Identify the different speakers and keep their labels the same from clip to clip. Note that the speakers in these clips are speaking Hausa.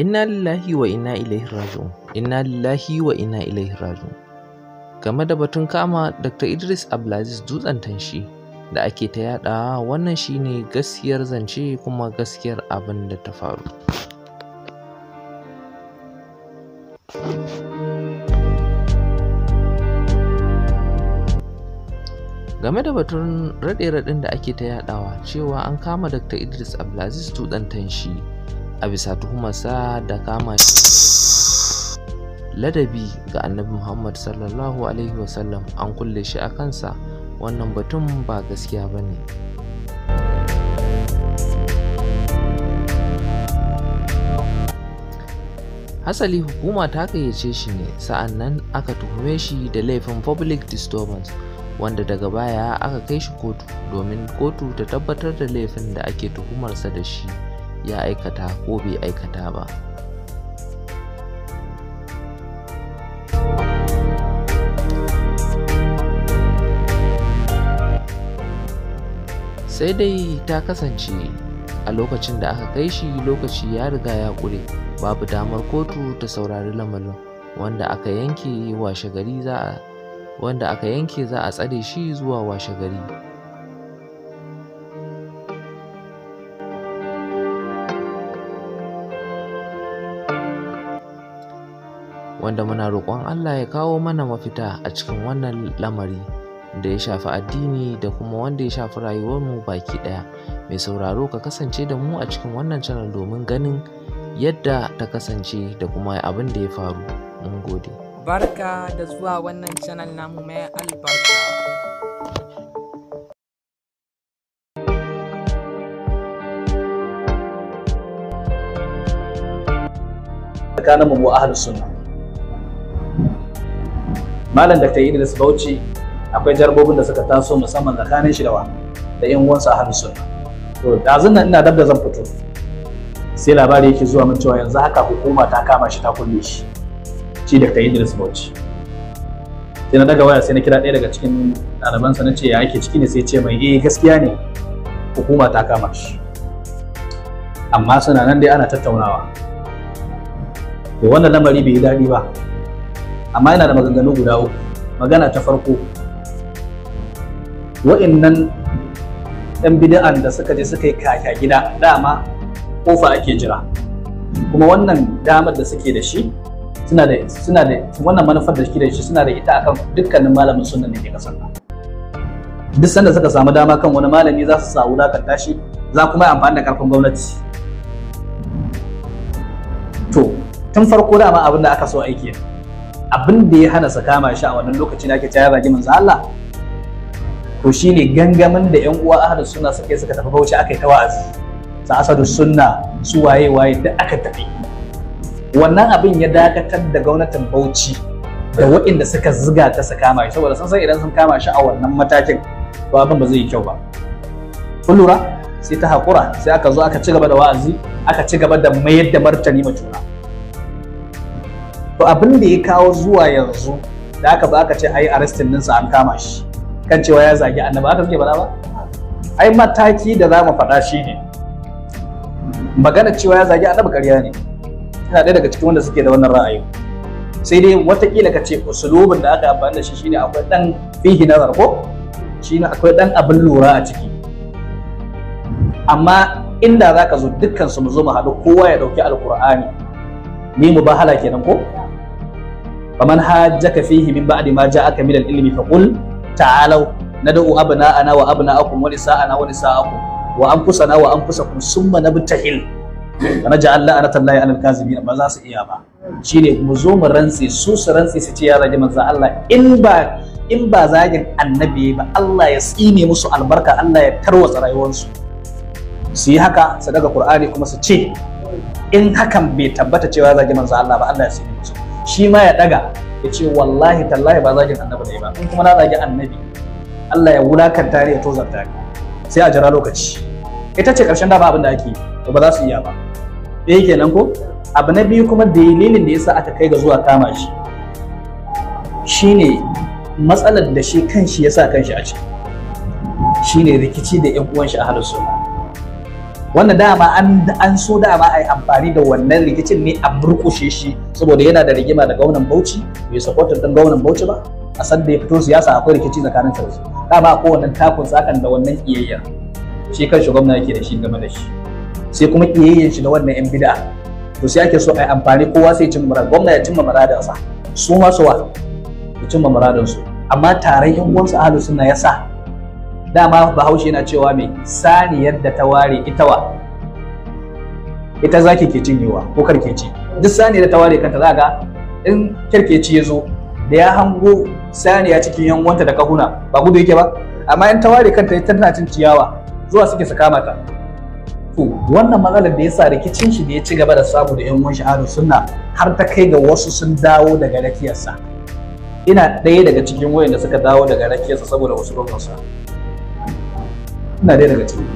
Speaker 1: inna lillahi wa inna ilaihi raji'un inna lillahi wa inna ilaihi raji'un game da batun kama dr idris abdulaziz dutsen tanshi da ake ta yada wannan shine gaskiyar zance kuma gaskiyar abin da ta faru game da batun raɗe-raɗin da ake ta yadawa cewa an kama dr idris abdulaziz dutsen tanshi a bisa tuhumarsa da kama shi ladabi ga annabi muhammad sallallahu alaihi wasallam an kulle shi a kansa wannan batun ba gaskiya ba ne hasali hukuma ta gayyace shi ne sa'an nan aka tuhume shi da laifin public disturbance wanda daga baya aka kai shi kotu domin kotu ta tabbatar da laifin da ake tuhumarsa da shi ya aikata ko bai aikata ba sai dai ta kasance a lokacin da aka kai shi lokaci ya riga ya ƙure babu damar kotu ta saurari lamarin wanda aka yanke washe gari za a wanda aka yanke za a tsare shi zuwa washe gari wanda muna roƙon Allah ya kawo mana mafita a cikin wannan lamari da ya shafi addini da kuma wanda ya shafi rayuwar mu baki ɗaya mai sauraro ka kasance da mu a cikin wannan channel domin ganin yadda ta kasance da kuma abin da ya faru mun gode barka da zuwa wannan channel namu mai albarka
Speaker 2: tsakanin mu ahlus sunna malam yi idris bauchi akwai jarbobin da suka taso musamman tsakanin shi da wa da yan uwansa ahlus sunna to dazun nan ina dab da zan fito sai labari yake zuwa min cewa yanzu haka hukuma ta kama shi ta kulle shi shi yi idris bauchi sai na daga waya sai na kira ɗaya daga cikin ɗalibansa na ce ya ake ciki ne sai ce mai eh gaskiya ne hukuma ta kama shi amma suna nan dai ana tattaunawa to wannan lamari bai yi daɗi ba amma yana da maganganu guda uku magana ta farko wa'annan ɗan bid'an da suka je suka yi kaka gida dama kofa ake jira kuma wannan damar da suke da shi suna da suna da wannan manufar da suke da shi suna da ita akan dukkanin malamin sunnan da ke kasar nan duk sanda suka samu dama kan wani malami za su da wulakanta shi za kuma yi amfani da karfin gwamnati to tun farko dama abin da aka so aiki abin da ya hana sa kama shi a wannan lokaci da ake cewa baki manzo Allah to shine gangamin da yan uwa ahlus sunna suka suka tafi bauchi akai ta wa'azi sa asadu sunna su waye waye da aka tafi wannan abin ya dakatar da gwamnatin bauchi da waɗanda suka ziga ta su kama shi saboda sun san idan sun kama shi a wannan matakin to abin ba zai yi kyau ba kun lura sai ta haƙura sai aka zo aka ci gaba da wa'azi aka ci gaba da mayar da martani mutuna to abin da ya kawo zuwa yanzu da aka ba aka ce ai arrestin sa an kama shi kan cewa ya zagi annabi aka suke faɗa ba ai mataki da za mu faɗa shi ne magana cewa ya zagi annabi ƙarya ne ina ɗaya daga cikin wanda suke da wannan ra'ayi sai dai watakila ka ce usulubin da aka amfani da shi shine akwai ɗan fihi nazar ko shine akwai ɗan abin lura a ciki amma inda za ka zo dukkan su mu zo mu haɗu kowa ya ɗauki alkur'ani ni mu bahala kenan ko faman hajjaka fihi min ba'di ma ja'aka min al-ilmi faqul ta'alu nad'u abna'ana wa abna'akum wa nisa'ana wa nisa'akum wa anfusana wa anfusakum summa nabtahil ana ja'al la'anatallahi 'alal kazimin ba za su iya ba shine mu zo mu rantse su su rantse su ce ya rage manzo Allah in ba in ba zagin annabi ba Allah ya tsine musu albarka Allah ya tarwatsa rayuwarsu su yi haka su daga Qur'ani kuma su ce in hakan bai tabbata cewa zagi manzo Allah ba Allah ya shi ma ya daga ya ce wallahi tallahi ba zagin annabi ne ba in kuma na zagi annabi Allah ya wulakanta ne ya tozarta ka sai a jira lokaci ita ce karshen dama abin da ake ba za su iya ba eh kenan ko abu na biyu kuma dalilin da ya sa aka kai ga zuwa kama shi shine matsalar da shi kanshi yasa kanshi a ciki shine rikici da yan uwan shi a halin suna wannan dama an an so dama a yi amfani da wannan rikicin ne a murkushe shi saboda yana da rigima da gwamnan Bauchi bai supportin dan gwamnan Bauchi ba a san da ya fito siyasa akwai rikici tsakanin su dama akwai wannan takun tsakan da wannan iyayya shi kan shi gwamnati yake da shi game da shi sai kuma kiyayyen shi na wannan yan bid'a to sai ake so a yi amfani kowa sai cin murar Gwamnati ya cimma muradansa su ma su wa ya cimma muradansu amma taron yan uwansu ahlus sunna ya sa dama bahaushe na cewa mai saniyar da ta ware ita wa ita zaki ke cinyewa ko karkeci duk saniyar da ta ware kanta za ga in karkeci ya zo da ya hango saniya cikin yanwanta da kahuna ba gudu yake ba amma in ta ware kanta ita tana cin ciyawa zuwa suke saka mata to wannan matsalar da yasa rikicin shi da ya ci gaba da samu da yan uwan shahadu sunna har ta kai ga wasu sun dawo daga rakiyarsa ina ɗaya daga cikin wayanda suka dawo daga rakiyarsa saboda wasu gwamnansa ina daya daga cikin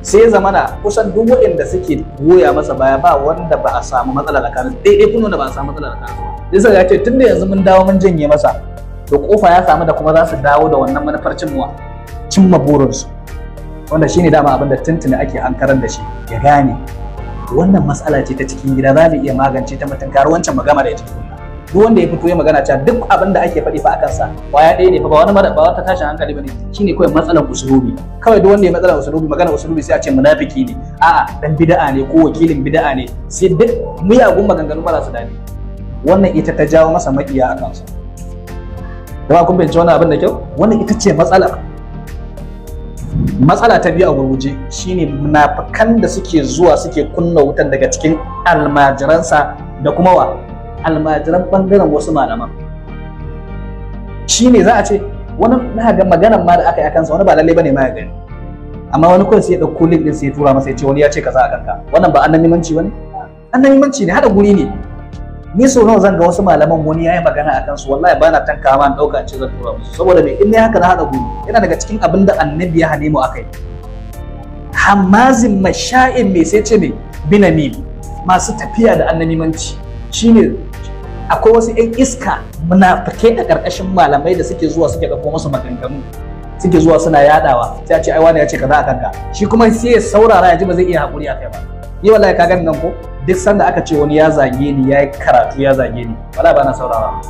Speaker 2: sai zamana kusan duk waɗanda suke goya masa baya ba wanda ba a samu matsala tsakanin daidai kuma da ba a samu matsala tsakanin sai ya ce tun da yanzu mun dawo mun janye masa to kofa ya samu da kuma za su dawo da wannan manufar cimma cimma burinsu wanda shine dama abin da tuntuni ake ankarar da shi ya gane wannan matsala ce ta cikin gida za mu iya magance ta mutum wancan magana da ita duk wanda ya fito ya magana cewa duk abin da ake faɗi fa akan sa kwaya ɗaya ne fa ba wani mara ba wata tashin hankali bane shine kawai matsalan usulubi kawai duk wanda ya matsalan usulubi magana usulubi sai a ce munafiki ne a'a dan bid'a ne ko wakilin bid'a ne sai duk miyagun maganganu marasu daɗi wannan ita ta jawo masa maƙiya a kansa jama'a kun fahimci wannan abin da kyau wannan ita ce matsala matsala ta biyu a gurguje shine munafikan da suke zuwa suke kunna wutan daga cikin almajiransa da kuma wa almajiran bangaren wasu malaman shine za a ce wani na ga maganan ma da aka yi a kansa wani ba lalle bane ma ya gani amma wani kawai sai ya dauko link din sai ya tura masa ya ce wani ya ce kaza a kanka wannan ba annabi manci bane annabi manci ne hada guri ne ni so nawa zan ga wasu malaman wani yayi magana akan su wallahi bana tanka ma dauka ce zan tura musu saboda me in ne haka na hada guri yana daga cikin abin da annabi ya hane mu akai hamazin masha'in me sai ce me binami masu tafiya da annabi manci shine akwai wasu 'yan iska munafikai a ƙarƙashin malamai da suke zuwa suke ɗauko masu maganganu suke zuwa suna yadawa sai a ce ai wani ya ce kaza a kanka shi kuma sai ya saurara ya ji ba zai iya haƙuri a kai ba ni wallahi ka gani nan ko duk sanda aka ce wani ya zage ni ya yi karatu ya zage ni wallahi ba na saurara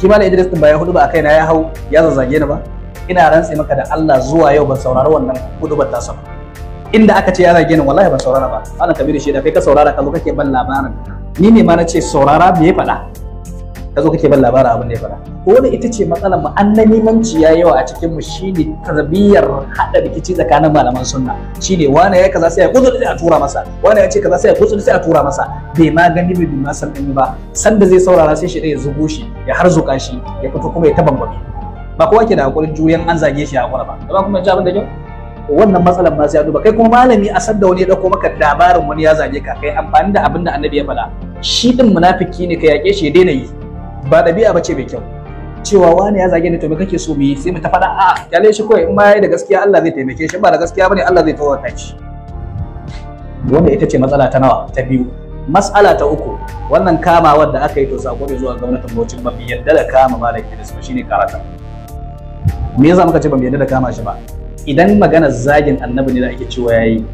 Speaker 2: shi malam Idris din ba ya hudu ba a kaina ya hau ya zazage ni ba ina rantse maka da Allah zuwa yau ban saurari wannan hudu ba ta saba. inda aka ce ya zage ni wallahi ban saurara ba malam Kabiru shi da kai ka saurara ka zo kake ban labarin ni ne ma na ce saurara me ya faɗa ka zo kake ban labarin abin da ya faɗa ko da ita ce matsalar mu annanimanci ya yawa a cikin mu shine tarbiyyar hada rikici tsakanin malaman sunna shine wani ya kaza sai ya gudu sai a tura masa wani ya ce kaza sai ya gudu sai a tura masa bai ma gani bai ma san ɗanyi ba sanda zai saurara sai shi ɗaya ya zugo shi ya harzuka shi ya fito kuma ya taban ba kowa ke da hakurin juyan an zage shi a hakura ba kuma ji abin da kyau wannan matsalar ma sai ya duba kai kuma malami a sadda wani ya dauko maka dabarin wani ya zage ka kai amfani da abin da annabi ya faɗa shi din munafiki ne ka yake shi ya daina yi ba ɗabi'a ba ce mai kyau cewa wani ya zage ni to me kake so mu yi sai mu ta faɗa a kyale shi kawai in ma da gaskiya Allah zai taimake shi ba da gaskiya bane Allah zai tawata shi wanda ita ce matsala ta nawa ta biyu matsala ta uku wannan kama wanda aka yi to sako ne zuwa gwamnatin Bauchi ba mu yadda da kama malam da ba shine karata me yasa muka ce ba mu yadda da kama shi ba idan magana zagin annabi ne da ake cewa yayi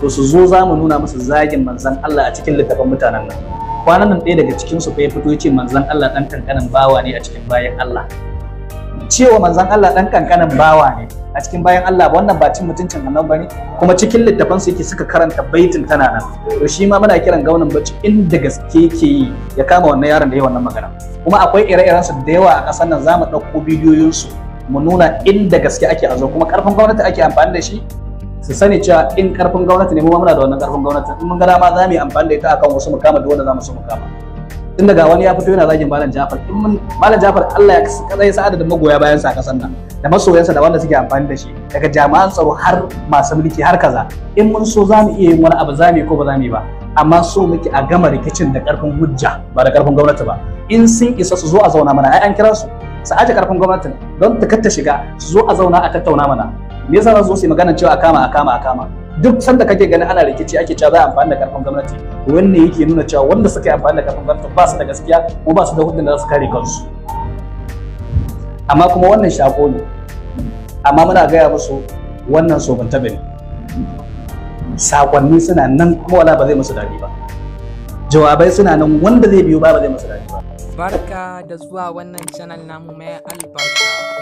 Speaker 2: to su zo za mu nuna musu zagin manzan Allah a cikin littafin mutanen nan kwanan nan ɗaya daga cikin su ya fito yace manzan Allah dan kankanin bawa ne a cikin bayan Allah cewa manzan Allah dan kankanin bawa ne a cikin bayan Allah ba wannan ba cin mutuncin annabi bane kuma cikin littafin su yake suka karanta baitin tana nan to shi ma muna kiran gaunan bacci inda gaske yake yi ya kama wannan yaron da ya wannan magana kuma akwai ire-iren su da yawa a ƙasar nan za mu ɗauko bidiyoyin su mu nuna inda gaske ake azo kuma karfin gwamnati ake amfani da shi su sani cewa in karfin gwamnati ne mu muna da wannan karfin gwamnati in mun ga dama za mu yi amfani da ita akan wasu mu kama duk wanda za mu so mu kama tun daga wani ya fito yana zagin malam Jafar in mun malam Jafar Allah ya kadai sa adadin magoya bayan sa kasan nan da masoyansa da wanda suke amfani da shi daga jami'an tsaro har masu mulki har kaza in mun so za mu iya yin wani abu za mu yi ko ba za mu yi ba amma so muke a gama rikicin da karfin hujja ba da karfin gwamnati ba in sun isa su zo a zauna mana ai an kira su su aje karfin gwamnatin don ta ta shiga su zo a zauna a tattauna mana me yasa zo su magana cewa a kama a kama a kama duk sanda kake ganin ana rikici ake cewa za a amfani da karfin gwamnati wannan yake nuna cewa wanda suka yi amfani da karfin gwamnati ba su da gaskiya kuma ba su da hudun da za su kare kansu amma kuma wannan shako ne amma muna gaya musu wannan sobanta bane sakonni suna nan kuma wala ba zai musu daɗi ba jawabai suna nan wanda zai biyo ba ba zai masa rayuwa
Speaker 1: barka da zuwa wannan channel namu mai albarka